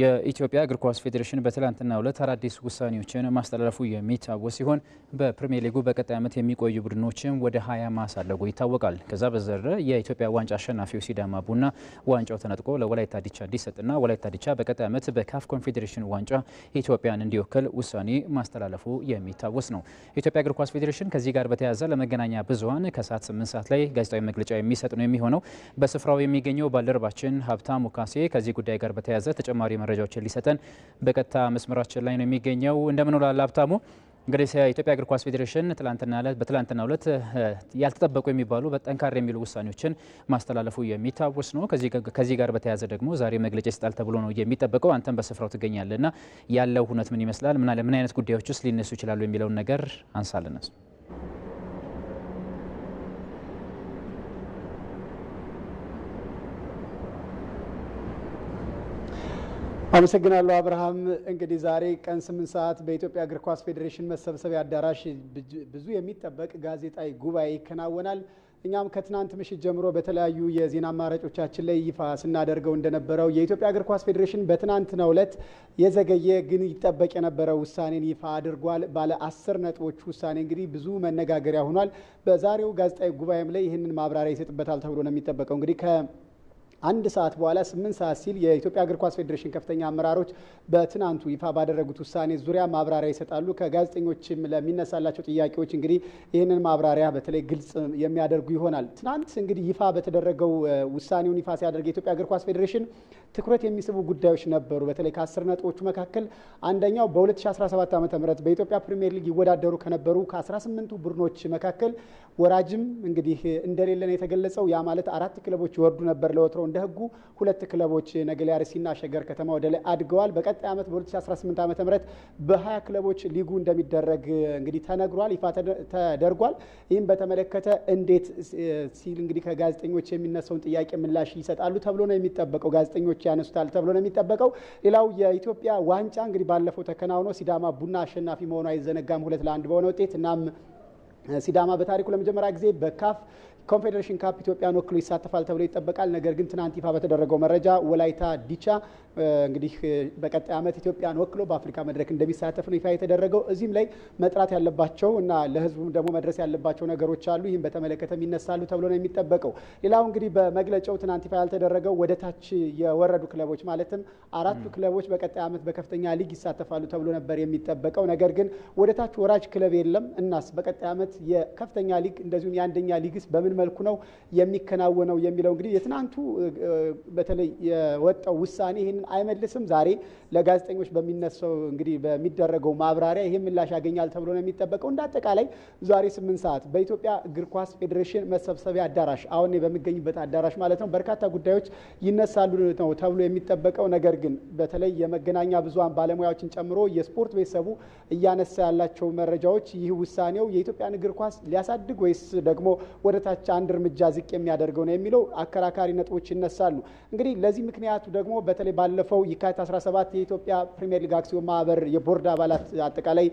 የኢትዮጵያ እግር ኳስ ፌዴሬሽን በትላንትና ሁለት አዳዲስ ውሳኔዎችን ማስተላለፉ የሚታወስ ሲሆን በፕሪሚየር ሊጉ በቀጣይ ዓመት የሚቆዩ ቡድኖችም ወደ ሀያ ማሳለጉ ይታወቃል። ከዛ በዘረ የኢትዮጵያ ዋንጫ አሸናፊው ሲዳማ ቡና ዋንጫው ተነጥቆ ለወላይታ ዲቻ እንዲሰጥና ወላይታ ዲቻ በቀጣይ ዓመት በካፍ ኮንፌዴሬሽን ዋንጫ ኢትዮጵያን እንዲወክል ውሳኔ ማስተላለፉ የሚታወስ ነው። የኢትዮጵያ እግር ኳስ ፌዴሬሽን ከዚህ ጋር በተያያዘ ለመገናኛ ብዙሃን ከሰዓት 8 ሰዓት ላይ ጋዜጣዊ መግለጫ የሚሰጥ ነው የሚሆነው። በስፍራው የሚገኘው ባልደረባችን ሀብታሙ ካሴ ከዚህ ጉዳይ ጋር በተያያዘ ተጨማሪ መረጃዎችን ሊሰጠን በቀጥታ መስመራችን ላይ ነው የሚገኘው። እንደምንውላል ሀብታሙ። እንግዲህ የኢትዮጵያ እግር ኳስ ፌዴሬሽን ትላንትና ዕለት በትላንትና ዕለት ያልተጠበቁ የሚባሉ በጠንካራ የሚሉ ውሳኔዎችን ማስተላለፉ የሚታወስ ነው። ከዚህ ጋር በተያያዘ ደግሞ ዛሬ መግለጫ ይሰጣል ተብሎ ነው የሚጠበቀው። አንተም በስፍራው ትገኛለህና ያለው ሁነት ምን ይመስላል? ምን አይነት ጉዳዮች ውስጥ ሊነሱ ይችላሉ የሚለውን ነገር አንሳልነስ አመሰግናለሁ አብርሃም። እንግዲህ ዛሬ ቀን ስምንት ሰዓት በኢትዮጵያ እግር ኳስ ፌዴሬሽን መሰብሰቢያ አዳራሽ ብዙ የሚጠበቅ ጋዜጣዊ ጉባኤ ይከናወናል። እኛም ከትናንት ምሽት ጀምሮ በተለያዩ የዜና አማራጮቻችን ላይ ይፋ ስናደርገው እንደነበረው የኢትዮጵያ እግር ኳስ ፌዴሬሽን በትናንትናው ዕለት የዘገየ ግን ይጠበቅ የነበረው ውሳኔን ይፋ አድርጓል። ባለ አስር ነጥቦች ውሳኔ እንግዲህ ብዙ መነጋገሪያ ሆኗል። በዛሬው ጋዜጣዊ ጉባኤም ላይ ይህንን ማብራሪያ ይሰጥበታል ተብሎ ነው የሚጠበቀው እንግዲህ አንድ ሰዓት በኋላ ስምንት ሰዓት ሲል የኢትዮጵያ እግር ኳስ ፌዴሬሽን ከፍተኛ አመራሮች በትናንቱ ይፋ ባደረጉት ውሳኔ ዙሪያ ማብራሪያ ይሰጣሉ። ከጋዜጠኞችም ለሚነሳላቸው ጥያቄዎች እንግዲህ ይህንን ማብራሪያ በተለይ ግልጽ የሚያደርጉ ይሆናል። ትናንት እንግዲህ ይፋ በተደረገው ውሳኔውን ይፋ ሲያደርግ የኢትዮጵያ እግር ኳስ ፌዴሬሽን ትኩረት የሚስቡ ጉዳዮች ነበሩ። በተለይ ከአስር ነጥቦቹ መካከል አንደኛው በ2017 ዓ ም በኢትዮጵያ ፕሪምየር ሊግ ይወዳደሩ ከነበሩ ከ18ቱ ቡድኖች መካከል ወራጅም እንግዲህ እንደሌለ ነው የተገለጸው። ያ ማለት አራት ክለቦች ይወርዱ ነበር ለወትሮ እንደ ህጉ፣ ሁለት ክለቦች ነገሌ አርሲና ሸገር ከተማ ወደ ላይ አድገዋል። በቀጣይ ዓመት በ2018 ዓ ም በ20 ክለቦች ሊጉ እንደሚደረግ እንግዲህ ተነግሯል፣ ይፋ ተደርጓል። ይህም በተመለከተ እንዴት ሲል እንግዲህ ከጋዜጠኞች የሚነሳውን ጥያቄ ምላሽ ይሰጣሉ ተብሎ ነው የሚጠበቀው ጋዜጠኞች ቡድኖች ያነሱታል ተብሎ ነው የሚጠበቀው። ሌላው የኢትዮጵያ ዋንጫ እንግዲህ ባለፈው ተከናውኖ ሲዳማ ቡና አሸናፊ መሆኑ አይዘነጋም፣ ሁለት ለአንድ በሆነ ውጤት እናም ሲዳማ በታሪኩ ለመጀመሪያ ጊዜ በካፍ ኮንፌዴሬሽን ካፕ ኢትዮጵያን ወክሎ ይሳተፋል ተብሎ ይጠበቃል። ነገር ግን ትናንት ይፋ በተደረገው መረጃ ወላይታ ዲቻ እንግዲህ በቀጣይ ዓመት ኢትዮጵያን ወክሎ በአፍሪካ መድረክ እንደሚሳተፍ ነው ይፋ የተደረገው። እዚህም ላይ መጥራት ያለባቸው እና ለህዝቡ ደግሞ መድረስ ያለባቸው ነገሮች አሉ። ይህም በተመለከተ ይነሳሉ ተብሎ ነው የሚጠበቀው። ሌላው እንግዲህ በመግለጫው ትናንት ይፋ ያልተደረገው ወደ ታች የወረዱ ክለቦች ማለትም አራቱ ክለቦች በቀጣይ ዓመት በከፍተኛ ሊግ ይሳተፋሉ ተብሎ ነበር የሚጠበቀው። ነገር ግን ወደ ታች ወራጅ ክለብ የለም። እናስ በቀጣይ ዓመት የከፍተኛ ሊግ እንደዚሁም የአንደኛ ሊግስ በምን በምን መልኩ ነው የሚከናወነው የሚለው እንግዲህ የትናንቱ በተለይ የወጣው ውሳኔ ይህንን አይመልስም። ዛሬ ለጋዜጠኞች በሚነሳው እንግዲህ በሚደረገው ማብራሪያ ይህ ምላሽ ያገኛል ተብሎ ነው የሚጠበቀው። እንደ አጠቃላይ ዛሬ ስምንት ሰዓት በኢትዮጵያ እግር ኳስ ፌዴሬሽን መሰብሰቢያ አዳራሽ አሁን በሚገኝበት አዳራሽ ማለት ነው በርካታ ጉዳዮች ይነሳሉ ነው ተብሎ የሚጠበቀው። ነገር ግን በተለይ የመገናኛ ብዙሃን ባለሙያዎችን ጨምሮ የስፖርት ቤተሰቡ እያነሳ ያላቸው መረጃዎች ይህ ውሳኔው የኢትዮጵያን እግር ኳስ ሊያሳድግ ወይስ ደግሞ ወደታች ከታች አንድ እርምጃ ዝቅ የሚያደርገው ነው የሚለው አከራካሪ ነጥቦች ይነሳሉ። እንግዲህ ለዚህ ምክንያቱ ደግሞ በተለይ ባለፈው የካቲት 17 የኢትዮጵያ ፕሪሚየር ሊግ አክሲዮን ማህበር የቦርድ አባላት አጠቃላይ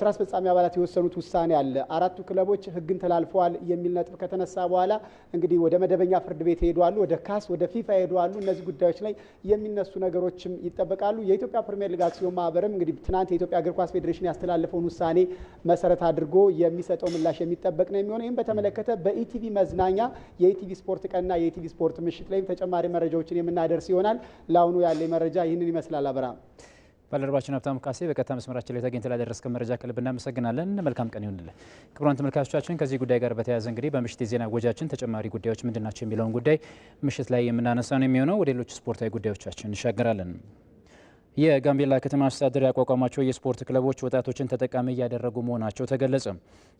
ስራ አስፈጻሚ አባላት የወሰኑት ውሳኔ አለ። አራቱ ክለቦች ህግን ተላልፈዋል የሚል ነጥብ ከተነሳ በኋላ እንግዲህ ወደ መደበኛ ፍርድ ቤት ይሄዳሉ፣ ወደ ካስ ወደ ፊፋ ይሄዳሉ። እነዚህ ጉዳዮች ላይ የሚነሱ ነገሮችም ይጠበቃሉ። የኢትዮጵያ ፕሪሚየር ሊግ አክሲዮን ማህበርም እንግዲህ ትናንት የኢትዮጵያ እግር ኳስ ፌዴሬሽን ያስተላለፈውን ውሳኔ መሰረት አድርጎ የሚሰጠው ምላሽ የሚጠበቅ ነው የሚሆነው። ይህም በተመለከተ በኢቲቪ መዝናኛ የኢቲቪ ስፖርት ቀንና የኢቲቪ ስፖርት ምሽት ላይም ተጨማሪ መረጃዎችን የምናደርስ ይሆናል። ለአሁኑ ያለ መረጃ ይህንን ይመስላል። አብርሃም ባልደረባችን ሀብታሙ ካሴ በቀጥታ መስመራችን ላይ ተገኝተህ ላደረስከን መረጃ ከልብ እናመሰግናለን። መልካም ቀን ይሁንልን። ክቡራን ተመልካቾቻችን ከዚህ ጉዳይ ጋር በተያያዘ እንግዲህ በምሽት የዜና ጎጃችን ተጨማሪ ጉዳዮች ምንድን ናቸው የሚለውን ጉዳይ ምሽት ላይ የምናነሳ ነው የሚሆነው። ወደ ሌሎች ስፖርታዊ ጉዳዮቻችን እንሻገራለን። የጋምቤላ ከተማ አስተዳደር ያቋቋማቸው የስፖርት ክለቦች ወጣቶችን ተጠቃሚ እያደረጉ መሆናቸው ተገለጸ።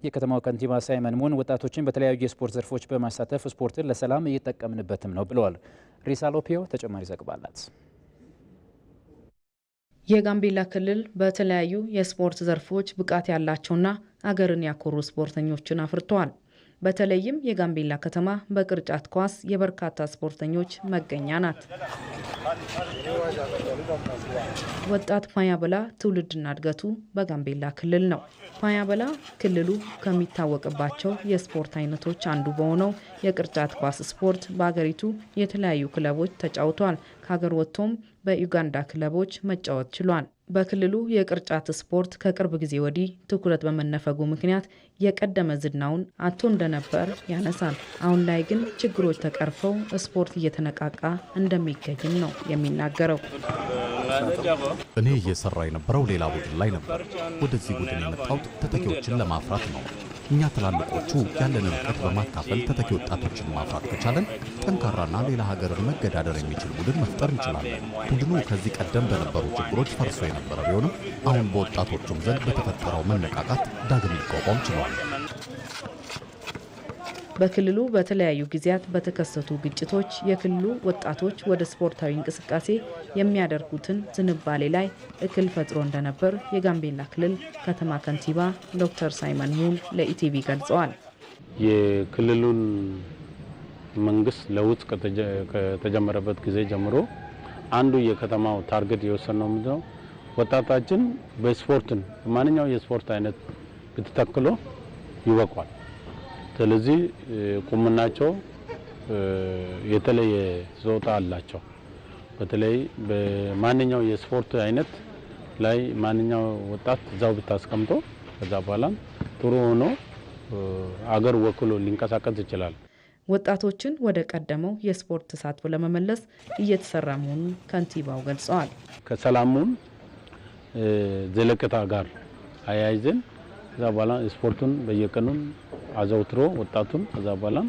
የከተማው ከንቲባ ሳይመን ሙን ወጣቶችን በተለያዩ የስፖርት ዘርፎች በማሳተፍ ስፖርትን ለሰላም እየጠቀምንበትም ነው ብለዋል። ሪሳ ተጨማሪ ዘግባላት። የጋምቤላ ክልል በተለያዩ የስፖርት ዘርፎች ብቃት ያላቸውና አገርን ያኮሩ ስፖርተኞችን አፍርተዋል። በተለይም የጋምቤላ ከተማ በቅርጫት ኳስ የበርካታ ስፖርተኞች መገኛ ናት። ወጣት ፓያበላ ትውልድና እድገቱ በጋምቤላ ክልል ነው። ፓያበላ ክልሉ ከሚታወቅባቸው የስፖርት አይነቶች አንዱ በሆነው የቅርጫት ኳስ ስፖርት በአገሪቱ የተለያዩ ክለቦች ተጫውቷል። ከሀገር ወጥቶም በዩጋንዳ ክለቦች መጫወት ችሏል። በክልሉ የቅርጫት ስፖርት ከቅርብ ጊዜ ወዲህ ትኩረት በመነፈጉ ምክንያት የቀደመ ዝናውን አቶ እንደነበር ያነሳል። አሁን ላይ ግን ችግሮች ተቀርፈው ስፖርት እየተነቃቃ እንደሚገኝም ነው የሚናገረው። እኔ እየሰራ የነበረው ሌላ ቡድን ላይ ነበር። ወደዚህ ቡድን የመጣሁት ተተኪዎችን ለማፍራት ነው። እኛ ትላልቆቹ ያለንን እውቀት በማካፈል ተተኪ ወጣቶችን ማፍራት ከቻለን ጠንካራና ሌላ ሀገርን መገዳደር የሚችል ቡድን መፍጠር እንችላለን። ቡድኑ ከዚህ ቀደም በነበሩ ችግሮች ፈርሶ የነበረ ቢሆንም አሁን በወጣቶቹም ዘንድ በተፈጠረው መነቃቃት ዳግም ሊቋቋም ችሏል። በክልሉ በተለያዩ ጊዜያት በተከሰቱ ግጭቶች የክልሉ ወጣቶች ወደ ስፖርታዊ እንቅስቃሴ የሚያደርጉትን ዝንባሌ ላይ እክል ፈጥሮ እንደነበር የጋምቤላ ክልል ከተማ ከንቲባ ዶክተር ሳይመን ሙል ለኢቲቪ ገልጸዋል። የክልሉን መንግስት ለውጥ ከተጀመረበት ጊዜ ጀምሮ አንዱ የከተማው ታርጌት የወሰነው ምንድነው? ወጣታችን በስፖርትን ማንኛው የስፖርት አይነት ብትተክሎ ይወቋል ስለዚህ ቁምናቸው የተለየ ዞታ አላቸው። በተለይ በማንኛው የስፖርት አይነት ላይ ማንኛው ወጣት እዛው ብታስቀምጦ ከዛ በኋላም ጥሩ ሆኖ አገር ወክሎ ሊንቀሳቀስ ይችላል። ወጣቶችን ወደ ቀደመው የስፖርት ተሳትፎ ለመመለስ እየተሰራ መሆኑን ከንቲባው ገልጸዋል። ከሰላሙም ዘለቀታ ጋር አያይዘን ከዛ በኋላ ስፖርቱን በየቀኑን አዘውትሮ ወጣቱን ከዛ በኋላም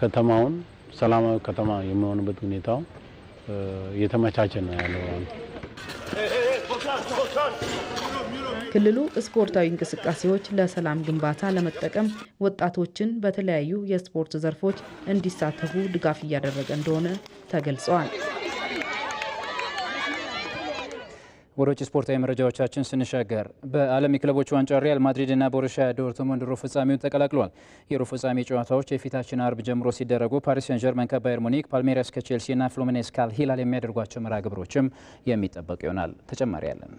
ከተማውን ሰላማዊ ከተማ የሚሆንበት ሁኔታው እየተመቻቸ ነው ያለው። ክልሉ ስፖርታዊ እንቅስቃሴዎች ለሰላም ግንባታ ለመጠቀም ወጣቶችን በተለያዩ የስፖርት ዘርፎች እንዲሳተፉ ድጋፍ እያደረገ እንደሆነ ተገልጸዋል። ወደ ውጭ ስፖርታዊ መረጃዎቻችን ስንሻገር በዓለም የክለቦች ዋንጫ ሪያል ማድሪድ እና ቦሩሻ ዶርትሙንድ ሩብ ፍጻሜውን ተቀላቅለዋል። የሩብ ፍጻሜ ጨዋታዎች የፊታችን አርብ ጀምሮ ሲደረጉ ፓሪስ ሰን ጀርመን ከባየር ሙኒክ፣ ፓልሜሪያስ እና ፍሉሚኔስ ካል ሂላል የሚያደርጓቸው መርሃ ግብሮችም የሚጠበቁ ይሆናል። ተጨማሪ ያለን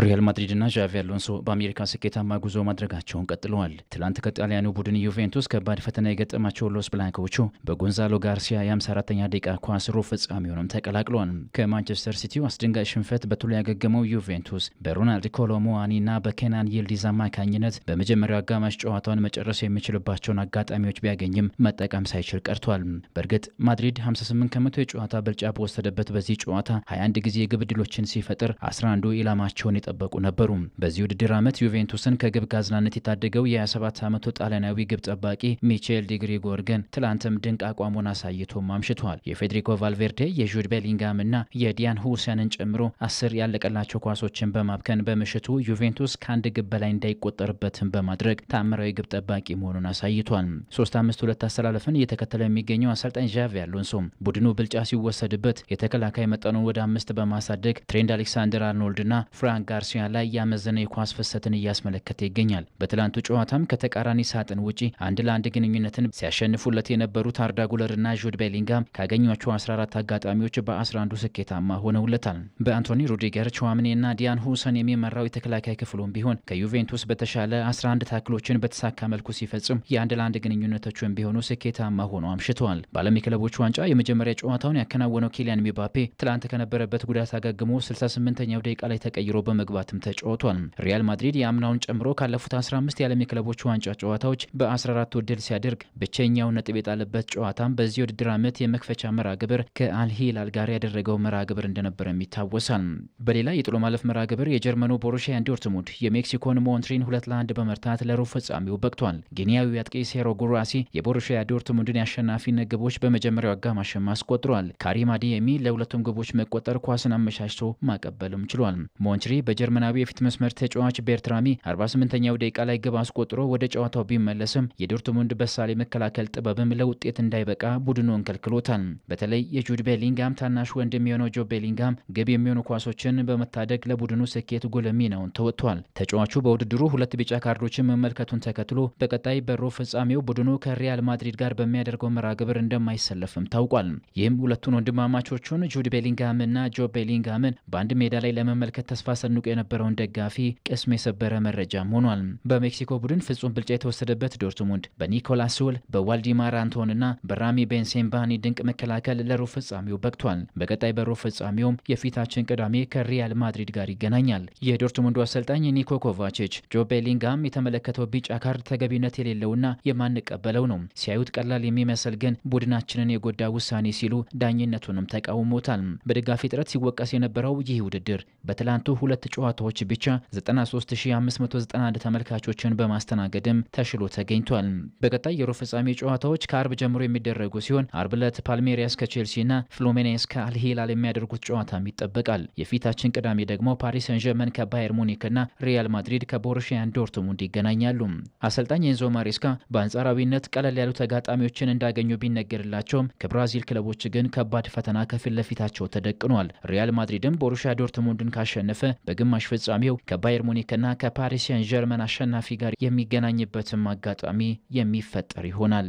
ሪያል ማድሪድና ዣቪ አሎንሶ በአሜሪካ ስኬታማ ጉዞ ማድረጋቸውን ቀጥለዋል። ትላንት ከጣሊያኑ ቡድን ዩቬንቱስ ከባድ ፈተና የገጠማቸው ሎስ ብላንኮቹ በጎንዛሎ ጋርሲያ የ54ኛ ደቂቃ ኳስ ሩብ ፍጻሜውንም ተቀላቅለዋል። ከማንቸስተር ሲቲው አስደንጋጭ ሽንፈት በቶሎ ያገገመው ዩቬንቱስ በሮናልድ ኮሎሞዋኒና በኬናን ይልዲዝ አማካኝነት በመጀመሪያው አጋማሽ ጨዋታውን መጨረስ የሚችልባቸውን አጋጣሚዎች ቢያገኝም መጠቀም ሳይችል ቀርቷል። በእርግጥ ማድሪድ 58 ከመቶ የጨዋታ ብልጫ በወሰደበት በዚህ ጨዋታ 21 ጊዜ የግብ ዕድሎችን ሲፈጥር 11ዱ ኢላማቸውን የጠበቁ ነበሩ። በዚህ ውድድር ዓመት ዩቬንቱስን ከግብ ጋዝናነት የታደገው የ27 ዓመቱ ጣሊያናዊ ግብ ጠባቂ ሚቼል ዲግሪጎር ግን ትላንትም ድንቅ አቋሙን አሳይቶም አምሽቷል። የፌዴሪኮ ቫልቬርዴ የጁድ ቤሊንጋምና የዲያን ሁሴንን ጨምሮ አስር ያለቀላቸው ኳሶችን በማብከን በምሽቱ ዩቬንቱስ ከአንድ ግብ በላይ እንዳይቆጠርበትን በማድረግ ታምራዊ ግብ ጠባቂ መሆኑን አሳይቷል። ሶስት አምስት ሁለት አስተላለፍን እየተከተለ የሚገኘው አሰልጣኝ ዣቪ አሎንሶ ቡድኑ ብልጫ ሲወሰድበት የተከላካይ መጠኑን ወደ አምስት በማሳደግ ትሬንድ አሌክሳንደር አርኖልድ ና ፍራንክ ጋርሲያ ላይ ያመዘነ የኳስ ፍሰትን እያስመለከተ ይገኛል። በትላንቱ ጨዋታም ከተቃራኒ ሳጥን ውጪ አንድ ለአንድ ግንኙነትን ሲያሸንፉለት የነበሩት አርዳ ጉለርና ጁድ ቤሊንጋም ካገኟቸው 14 አጋጣሚዎች በ11ዱ ስኬታማ ሆነውለታል። በአንቶኒ ሩዲገር፣ ቸዋምኔና ዲያን ሁሰን የሚመራው የተከላካይ ክፍሉም ቢሆን ከዩቬንቱስ በተሻለ 11 ታክሎችን በተሳካ መልኩ ሲፈጽም የአንድ ለአንድ ግንኙነቶችን ቢሆኑ ስኬታማ ሆኖ አምሽተዋል። በዓለም የክለቦች ዋንጫ የመጀመሪያ ጨዋታውን ያከናወነው ኪሊያን ሚባፔ ትላንት ከነበረበት ጉዳት አገግሞ 68ኛው ደቂቃ ላይ ተቀይሮ በመ በመግባትም ተጫውቷል። ሪያል ማድሪድ የአምናውን ጨምሮ ካለፉት 15 የዓለም የክለቦች ዋንጫ ጨዋታዎች በ14 ድል ሲያደርግ ብቸኛው ነጥብ የጣለበት ጨዋታም በዚህ ውድድር ዓመት የመክፈቻ መራ ግብር ከአልሂላል ጋር ያደረገው መራ ግብር እንደነበረም ይታወሳል። በሌላ የጥሎ ማለፍ መራ ግብር የጀርመኑ ቦሩሺያ ዶርትሙንድ የሜክሲኮን ሞንትሪን ሁለት ለአንድ በመርታት ለሩብ ፍጻሜው በቅቷል። ጊኒያዊ አጥቂ ሴሮ ጉራሲ የቦሩሺያ ዶርትሙንድን የአሸናፊነት ግቦች በመጀመሪያው አጋማሽም አስቆጥሯል። ካሪም አዴየሚ ለሁለቱም ግቦች መቆጠር ኳስን አመቻችቶ ማቀበልም ችሏል። ሞንትሪ በጀርመናዊ የፊት መስመር ተጫዋች ቤርትራሚ 48ኛው ደቂቃ ላይ ግብ አስቆጥሮ ወደ ጨዋታው ቢመለስም የዶርትሙንድ በሳል መከላከል ጥበብም ለውጤት እንዳይበቃ ቡድኑ እንከልክሎታል። በተለይ የጁድ ቤሊንጋም ታናሽ ወንድም የሆነው ጆ ቤሊንጋም ግብ የሚሆኑ ኳሶችን በመታደግ ለቡድኑ ስኬት ጎልህ ሚናውን ተወጥቷል። ተጫዋቹ በውድድሩ ሁለት ቢጫ ካርዶችን መመልከቱን ተከትሎ በቀጣይ በሮ ፍጻሜው ቡድኑ ከሪያል ማድሪድ ጋር በሚያደርገው መርሃ ግብር እንደማይሰለፍም ታውቋል። ይህም ሁለቱን ወንድማማቾቹን ጁድ ቤሊንጋምና ጆ ቤሊንጋምን በአንድ ሜዳ ላይ ለመመልከት ተስፋ ሰንቆ ሲያስጨንቁ የነበረውን ደጋፊ ቅስም የሰበረ መረጃም ሆኗል። በሜክሲኮ ቡድን ፍጹም ብልጫ የተወሰደበት ዶርትሙንድ በኒኮላስ ውል በዋልዲማር አንቶንና በራሚ ቤንሴምባኒ ድንቅ መከላከል ለሩብ ፍጻሜው በቅቷል። በቀጣይ በሩብ ፍጻሜውም የፊታችን ቅዳሜ ከሪያል ማድሪድ ጋር ይገናኛል። የዶርትሙንዱ አሰልጣኝ ኒኮ ኮቫችች ጆ ቤሊንጋም የተመለከተው ቢጫ ካርድ ተገቢነት የሌለውና የማንቀበለው ነው፣ ሲያዩት ቀላል የሚመስል ግን ቡድናችንን የጎዳ ውሳኔ ሲሉ ዳኝነቱንም ተቃውሞታል። በደጋፊ ጥረት ሲወቀስ የነበረው ይህ ውድድር በትላንቱ ሁለት ጨዋታዎች ብቻ 93591 ተመልካቾችን በማስተናገድም ተሽሎ ተገኝቷል። በቀጣይ የሩብ ፍጻሜ ጨዋታዎች ከአርብ ጀምሮ የሚደረጉ ሲሆን አርብ ዕለት ፓልሜሪያስ ከቼልሲና ፍሎሜኔስ ከአልሂላል የሚያደርጉት ጨዋታም ይጠበቃል። የፊታችን ቅዳሜ ደግሞ ፓሪስ ሰን ዠርመን ከባየር እና ሪያል ማድሪድ ከቦሩሺያን ዶርትሙንድ ይገናኛሉ። አሰልጣኝ ኤንዞ ማሬስካ በአንጻራዊነት ቀለል ያሉ ተጋጣሚዎችን እንዳገኙ ቢነገርላቸውም ከብራዚል ክለቦች ግን ከባድ ፈተና ከፊት ለፊታቸው ተደቅኗል። ሪያል ማድሪድም ቦሩሺያ ዶርትሙንድን ካሸነፈ በግማሽ ፍጻሜው ከባየር ሙኒክና ከፓሪሲያን ጀርመን አሸናፊ ጋር የሚገናኝበትም አጋጣሚ የሚፈጠር ይሆናል።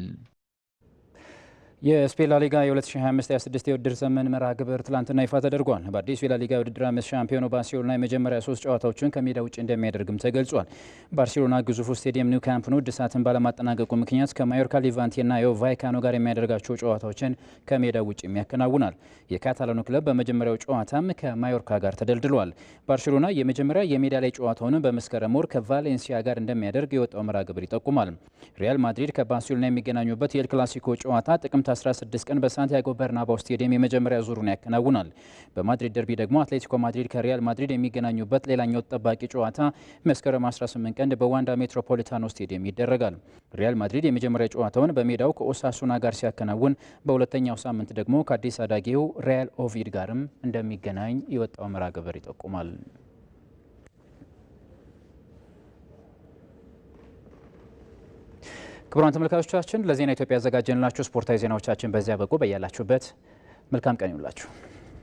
የስፔን ላሊጋ የ2025/26 የውድድር ዘመን መርሃ ግብር ትላንትና ይፋ ተደርጓል። በአዲሱ የላሊጋ ውድድር ዓመት ሻምፒዮኑ ባርሴሎና የመጀመሪያ ሶስት ጨዋታዎችን ከሜዳ ውጭ እንደሚያደርግም ተገልጿል። ባርሴሎና ግዙፉ ስቴዲየም ኒው ካምፕ ኑ እድሳትን ባለማጠናቀቁ ምክንያት ከማዮርካ ሊቫንቴና የቫይካኖ ጋር የሚያደርጋቸው ጨዋታዎችን ከሜዳ ውጭ የሚያከናውናል። የካታላኑ ክለብ በመጀመሪያው ጨዋታም ከማዮርካ ጋር ተደልድሏል። ባርሴሎና የመጀመሪያ የሜዳ ላይ ጨዋታውን በመስከረም ወር ከቫሌንሲያ ጋር እንደሚያደርግ የወጣው መርሃ ግብር ይጠቁማል። ሪያል ማድሪድ ከባርሴሎና የሚገናኙበት የኤል ክላሲኮ ጨዋታ ጥቅምት 16 ቀን በሳንቲያጎ በርናባው ስቴዲየም የመጀመሪያ ዙሩን ያከናውናል። በማድሪድ ደርቢ ደግሞ አትሌቲኮ ማድሪድ ከሪያል ማድሪድ የሚገናኙበት ሌላኛው ተጠባቂ ጨዋታ መስከረም 18 ቀን በዋንዳ ሜትሮፖሊታኖ ስቴዲየም ይደረጋል። ሪያል ማድሪድ የመጀመሪያ ጨዋታውን በሜዳው ከኦሳሱና ጋር ሲያከናውን፣ በሁለተኛው ሳምንት ደግሞ ከአዲስ አዳጌው ሪያል ኦቪድ ጋርም እንደሚገናኝ የወጣው መርሃ ግብር ይጠቁማል። ክቡራን ተመልካቾቻችን ለዜና ኢትዮጵያ ያዘጋጀንላችሁ ስፖርታዊ ዜናዎቻችን በዚያ በቁ። በያላችሁበት መልካም ቀን ይሁንላችሁ።